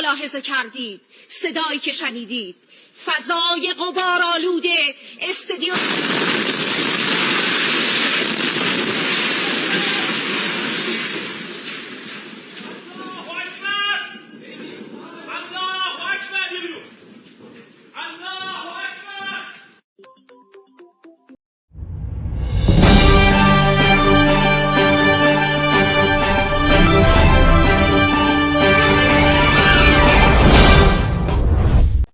ملاحظه کردید صدایی که شنیدید فضای قبار آلوده استدیو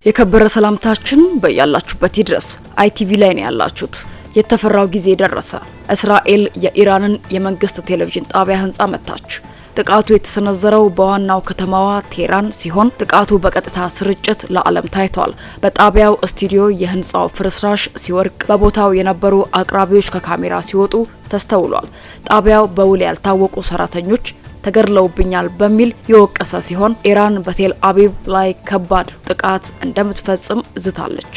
የከበረ ሰላምታችን በያላችሁበት ይድረስ። አይቲቪ ላይ ነው ያላችሁት። የተፈራው ጊዜ ደረሰ። እስራኤል የኢራንን የመንግስት ቴሌቪዥን ጣቢያ ህንፃ መታች። ጥቃቱ የተሰነዘረው በዋናው ከተማዋ ቴህራን ሲሆን ጥቃቱ በቀጥታ ስርጭት ለዓለም ታይቷል። በጣቢያው ስቱዲዮ የህንፃው ፍርስራሽ ሲወድቅ በቦታው የነበሩ አቅራቢዎች ከካሜራ ሲወጡ ተስተውሏል። ጣቢያው በውል ያልታወቁ ሰራተኞች ተገድለውብኛል በሚል የወቀሰ ሲሆን ኢራን በቴል አቢብ ላይ ከባድ ጥቃት እንደምትፈጽም ዝታለች።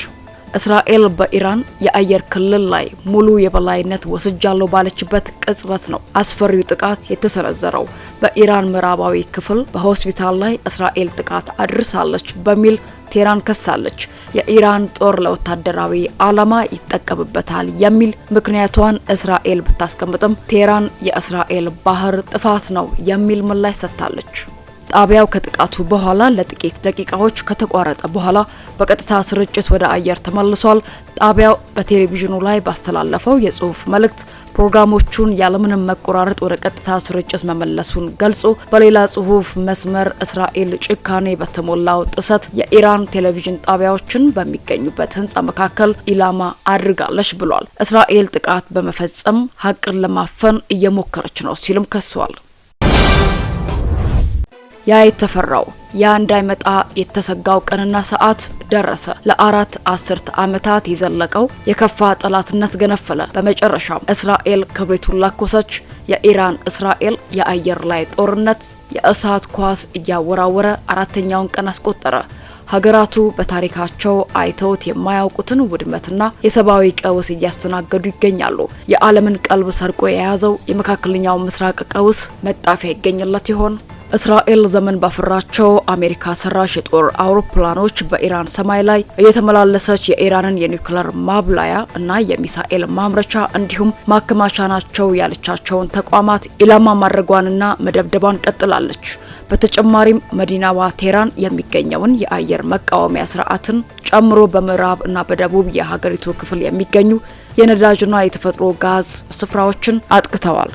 እስራኤል በኢራን የአየር ክልል ላይ ሙሉ የበላይነት ወስጃለሁ ባለችበት ቅጽበት ነው አስፈሪው ጥቃት የተሰነዘረው። በኢራን ምዕራባዊ ክፍል በሆስፒታል ላይ እስራኤል ጥቃት አድርሳለች በሚል ቴህራን ከሳለች። የኢራን ጦር ለወታደራዊ ዓላማ ይጠቀምበታል የሚል ምክንያቷን እስራኤል ብታስቀምጥም ቴህራን የእስራኤል ባህር ጥፋት ነው የሚል ምላሽ ሰጥታለች። ጣቢያው ከጥቃቱ በኋላ ለጥቂት ደቂቃዎች ከተቋረጠ በኋላ በቀጥታ ስርጭት ወደ አየር ተመልሷል። ጣቢያው በቴሌቪዥኑ ላይ ባስተላለፈው የጽሁፍ መልእክት ፕሮግራሞቹን ያለምንም መቆራረጥ ወደ ቀጥታ ስርጭት መመለሱን ገልጾ በሌላ ጽሁፍ መስመር እስራኤል ጭካኔ በተሞላው ጥሰት የኢራን ቴሌቪዥን ጣቢያዎችን በሚገኙበት ህንፃ መካከል ኢላማ አድርጋለች ብሏል። እስራኤል ጥቃት በመፈጸም ሀቅን ለማፈን እየሞከረች ነው ሲልም ከሷል። ያ የተፈራው ያ እንዳይመጣ የተሰጋው ቀንና ሰዓት ደረሰ። ለአራት አስርት ዓመታት የዘለቀው የከፋ ጠላትነት ገነፈለ። በመጨረሻም እስራኤል ክብሪቱን ላኮሰች፣ የኢራን እስራኤል የአየር ላይ ጦርነት የእሳት ኳስ እያወራወረ አራተኛውን ቀን አስቆጠረ። ሀገራቱ በታሪካቸው አይተውት የማያውቁትን ውድመትና የሰብአዊ ቀውስ እያስተናገዱ ይገኛሉ። የዓለምን ቀልብ ሰርቆ የያዘው የመካከለኛው ምስራቅ ቀውስ መጣፊያ ይገኝለት ይሆን? እስራኤል ዘመን ባፈራቸው አሜሪካ ሰራሽ የጦር አውሮፕላኖች በኢራን ሰማይ ላይ እየተመላለሰች የኢራንን የኒውክለር ማብላያ እና የሚሳኤል ማምረቻ እንዲሁም ማከማቻ ናቸው ያለቻቸውን ተቋማት ኢላማ ማድረጓንና መደብደቧን ቀጥላለች። በተጨማሪም መዲናዋ ቴህራን የሚገኘውን የአየር መቃወሚያ ስርዓትን ጨምሮ በምዕራብ እና በደቡብ የሀገሪቱ ክፍል የሚገኙ የነዳጅና የተፈጥሮ ጋዝ ስፍራዎችን አጥቅተዋል።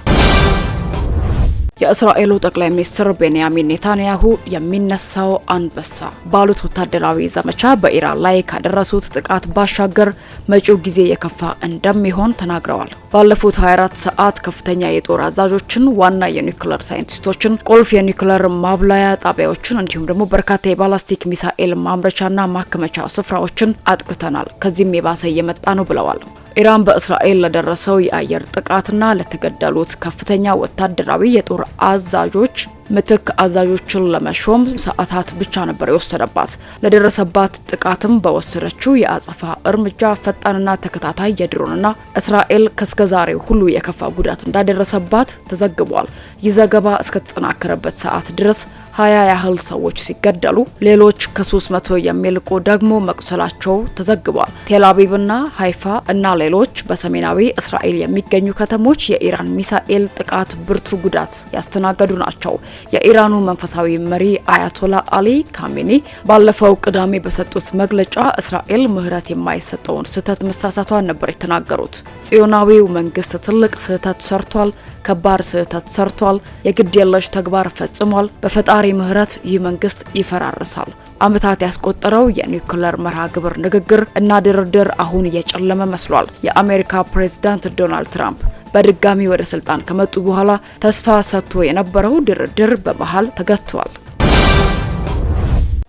የእስራኤሉ ጠቅላይ ሚኒስትር ቤንያሚን ኔታንያሁ የሚነሳው አንበሳ ባሉት ወታደራዊ ዘመቻ በኢራን ላይ ካደረሱት ጥቃት ባሻገር መጪው ጊዜ የከፋ እንደሚሆን ተናግረዋል። ባለፉት 24 ሰዓት ከፍተኛ የጦር አዛዦችን፣ ዋና የኒውክለር ሳይንቲስቶችን፣ ቁልፍ የኒውክለር ማብላያ ጣቢያዎችን እንዲሁም ደግሞ በርካታ የባላስቲክ ሚሳኤል ማምረቻና ማከመቻ ስፍራዎችን አጥቅተናል። ከዚህም የባሰ እየመጣ ነው ብለዋል። ኢራን በእስራኤል ለደረሰው የአየር ጥቃትና ለተገደሉት ከፍተኛ ወታደራዊ የጦር አዛዦች ምትክ አዛዦችን ለመሾም ሰዓታት ብቻ ነበር የወሰደባት። ለደረሰባት ጥቃትም በወሰደችው የአጸፋ እርምጃ ፈጣንና ተከታታይ የድሮንና እስራኤል ከስከዛሬው ሁሉ የከፋ ጉዳት እንዳደረሰባት ተዘግቧል። ይህ ዘገባ እስከተጠናከረበት ሰዓት ድረስ ሀያ ያህል ሰዎች ሲገደሉ ሌሎች ከ300 የሚልቁ ደግሞ መቁሰላቸው ተዘግቧል። ቴልአቪቭና ሀይፋ እና ሌሎች በሰሜናዊ እስራኤል የሚገኙ ከተሞች የኢራን ሚሳኤል ጥቃት ብርቱ ጉዳት ያስተናገዱ ናቸው። የኢራኑ መንፈሳዊ መሪ አያቶላ አሊ ካሜኒ ባለፈው ቅዳሜ በሰጡት መግለጫ እስራኤል ምህረት የማይሰጠውን ስህተት መሳሳቷን ነበር የተናገሩት። ጽዮናዊው መንግስት ትልቅ ስህተት ሰርቷል፣ ከባድ ስህተት ሰርቷል፣ የግድ የለሽ ተግባር ፈጽሟል፣ በፈጣሪ በፈጣሪ ምህረት ይህ መንግስት ይፈራርሳል። ዓመታት ያስቆጠረው የኒውክለር መርሃ ግብር ንግግር እና ድርድር አሁን እየጨለመ መስሏል። የአሜሪካ ፕሬዝዳንት ዶናልድ ትራምፕ በድጋሚ ወደ ስልጣን ከመጡ በኋላ ተስፋ ሰጥቶ የነበረው ድርድር በመሃል ተገቷል።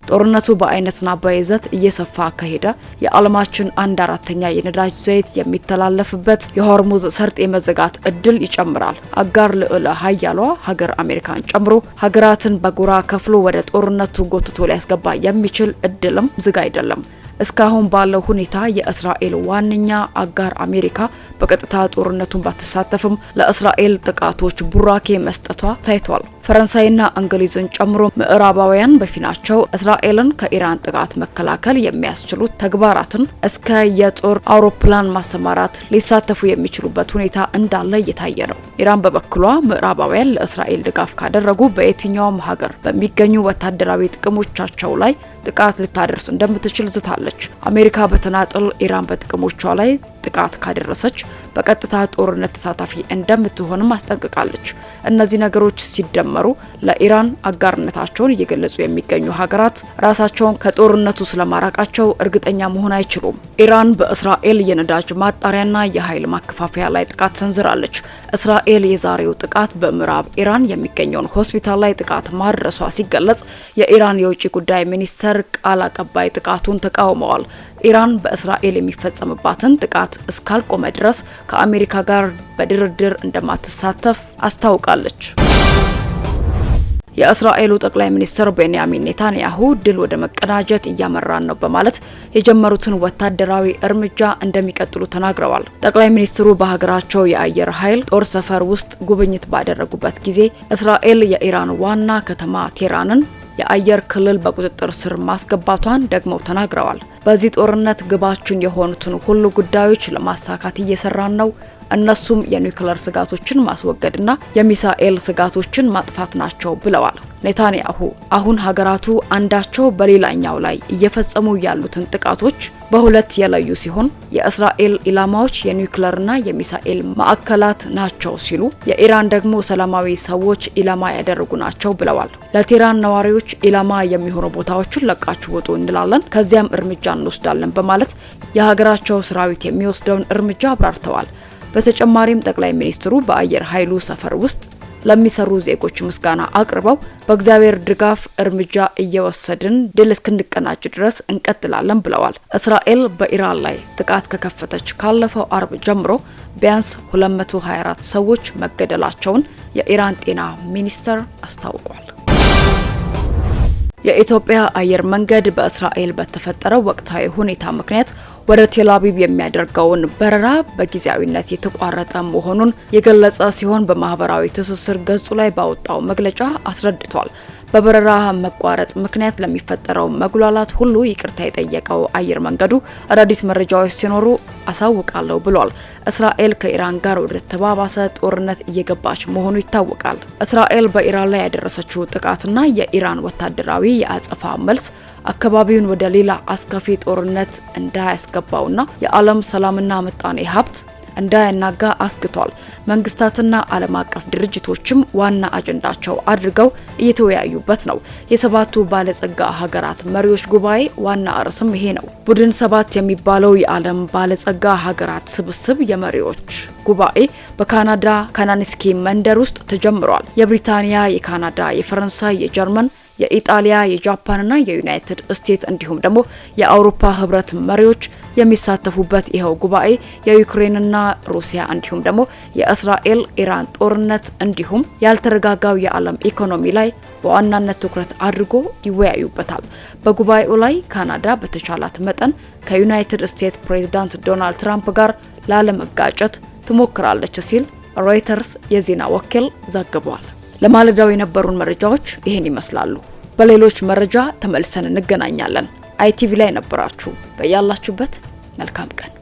ጦርነቱ በአይነትና በይዘት እየሰፋ ከሄደ የዓለማችን አንድ አራተኛ የነዳጅ ዘይት የሚተላለፍበት የሆርሙዝ ሰርጥ የመዘጋት እድል ይጨምራል። አጋር ልዕለ ሀያሏ ሀገር አሜሪካን ጨምሮ ሀገራትን በጎራ ከፍሎ ወደ ጦርነቱ ጎትቶ ሊያስገባ የሚችል እድልም ዝግ አይደለም። እስካሁን ባለው ሁኔታ የእስራኤል ዋነኛ አጋር አሜሪካ በቀጥታ ጦርነቱን ባትሳተፍም ለእስራኤል ጥቃቶች ቡራኬ መስጠቷ ታይቷል። ፈረንሳይና እንግሊዝን ጨምሮ ምዕራባውያን በፊናቸው እስራኤልን ከኢራን ጥቃት መከላከል የሚያስችሉ ተግባራትን እስከ የጦር አውሮፕላን ማሰማራት ሊሳተፉ የሚችሉበት ሁኔታ እንዳለ እየታየ ነው። ኢራን በበኩሏ ምዕራባውያን ለእስራኤል ድጋፍ ካደረጉ በየትኛውም ሀገር በሚገኙ ወታደራዊ ጥቅሞቻቸው ላይ ጥቃት ልታደርስ እንደምትችል ዝታለች። አሜሪካ በተናጥል ኢራን በጥቅሞቿ ላይ ጥቃት ካደረሰች በቀጥታ ጦርነት ተሳታፊ እንደምትሆንም አስጠንቅቃለች። እነዚህ ነገሮች ሲደመሩ ለኢራን አጋርነታቸውን እየገለጹ የሚገኙ ሀገራት ራሳቸውን ከጦርነቱ ስለማራቃቸው እርግጠኛ መሆን አይችሉም። ኢራን በእስራኤል የነዳጅ ማጣሪያና የኃይል ማከፋፈያ ላይ ጥቃት ሰንዝራለች። እስራኤል የዛሬው ጥቃት በምዕራብ ኢራን የሚገኘውን ሆስፒታል ላይ ጥቃት ማድረሷ ሲገለጽ የኢራን የውጭ ጉዳይ ሚኒስተር ሚኒስተር ቃል አቀባይ ጥቃቱን ተቃውመዋል። ኢራን በእስራኤል የሚፈጸምባትን ጥቃት እስካልቆመ ድረስ ከአሜሪካ ጋር በድርድር እንደማትሳተፍ አስታውቃለች። የእስራኤሉ ጠቅላይ ሚኒስትር ቤንያሚን ኔታንያሁ ድል ወደ መቀዳጀት እያመራን ነው በማለት የጀመሩትን ወታደራዊ እርምጃ እንደሚቀጥሉ ተናግረዋል። ጠቅላይ ሚኒስትሩ በሀገራቸው የአየር ኃይል ጦር ሰፈር ውስጥ ጉብኝት ባደረጉበት ጊዜ እስራኤል የኢራን ዋና ከተማ ቴህራንን የአየር ክልል በቁጥጥር ስር ማስገባቷን ደግመው ተናግረዋል። በዚህ ጦርነት ግባችን የሆኑትን ሁሉ ጉዳዮች ለማሳካት እየሰራን ነው እነሱም የኒውክለር ስጋቶችን ማስወገድና የሚሳኤል ስጋቶችን ማጥፋት ናቸው ብለዋል። ኔታንያሁ አሁን ሀገራቱ አንዳቸው በሌላኛው ላይ እየፈጸሙ ያሉትን ጥቃቶች በሁለት የለዩ ሲሆን የእስራኤል ኢላማዎች የኒውክለርና የሚሳኤል ማዕከላት ናቸው ሲሉ፣ የኢራን ደግሞ ሰላማዊ ሰዎች ኢላማ ያደረጉ ናቸው ብለዋል። ለቴህራን ነዋሪዎች ኢላማ የሚሆኑ ቦታዎችን ለቃችሁ ውጡ እንላለን፣ ከዚያም እርምጃ እንወስዳለን በማለት የሀገራቸው ሰራዊት የሚወስደውን እርምጃ አብራርተዋል። በተጨማሪም ጠቅላይ ሚኒስትሩ በአየር ኃይሉ ሰፈር ውስጥ ለሚሰሩ ዜጎች ምስጋና አቅርበው በእግዚአብሔር ድጋፍ እርምጃ እየወሰድን ድል እስክንቀናጅ ድረስ እንቀጥላለን ብለዋል። እስራኤል በኢራን ላይ ጥቃት ከከፈተች ካለፈው አርብ ጀምሮ ቢያንስ 224 ሰዎች መገደላቸውን የኢራን ጤና ሚኒስቴር አስታውቋል። የኢትዮጵያ አየር መንገድ በእስራኤል በተፈጠረው ወቅታዊ ሁኔታ ምክንያት ወደ ቴላቪቭ የሚያደርገውን በረራ በጊዜያዊነት የተቋረጠ መሆኑን የገለጸ ሲሆን በማህበራዊ ትስስር ገጹ ላይ ባወጣው መግለጫ አስረድቷል። በበረራ መቋረጥ ምክንያት ለሚፈጠረው መጉላላት ሁሉ ይቅርታ የጠየቀው አየር መንገዱ አዳዲስ መረጃዎች ሲኖሩ አሳውቃለሁ ብሏል። እስራኤል ከኢራን ጋር ወደ ተባባሰ ጦርነት እየገባች መሆኑ ይታወቃል። እስራኤል በኢራን ላይ ያደረሰችው ጥቃትና የኢራን ወታደራዊ የአጸፋ መልስ አካባቢውን ወደ ሌላ አስከፊ ጦርነት እንዳያስገባውና የዓለም ሰላምና ምጣኔ ሀብት እንዳያናጋ አስግቷል። መንግስታትና ዓለም አቀፍ ድርጅቶችም ዋና አጀንዳቸው አድርገው እየተወያዩበት ነው። የሰባቱ ባለጸጋ ሀገራት መሪዎች ጉባኤ ዋና ርዕስም ይሄ ነው። ቡድን ሰባት የሚባለው የዓለም ባለጸጋ ሀገራት ስብስብ የመሪዎች ጉባኤ በካናዳ ካናኒስኪ መንደር ውስጥ ተጀምሯል። የብሪታንያ፣ የካናዳ፣ የፈረንሳይ፣ የጀርመን የኢጣሊያ የጃፓንና የዩናይትድ ስቴትስ እንዲሁም ደግሞ የአውሮፓ ህብረት መሪዎች የሚሳተፉበት ይኸው ጉባኤ የዩክሬንና ሩሲያ እንዲሁም ደግሞ የእስራኤል ኢራን ጦርነት እንዲሁም ያልተረጋጋው የዓለም ኢኮኖሚ ላይ በዋናነት ትኩረት አድርጎ ይወያዩበታል። በጉባኤው ላይ ካናዳ በተቻላት መጠን ከዩናይትድ ስቴትስ ፕሬዝዳንት ዶናልድ ትራምፕ ጋር ላለመጋጨት ትሞክራለች ሲል ሮይተርስ የዜና ወኪል ዘግቧል። ለማለዳው የነበሩን መረጃዎች ይህን ይመስላሉ። በሌሎች መረጃ ተመልሰን እንገናኛለን። አይቲቪ ላይ ነበራችሁ። በያላችሁበት መልካም ቀን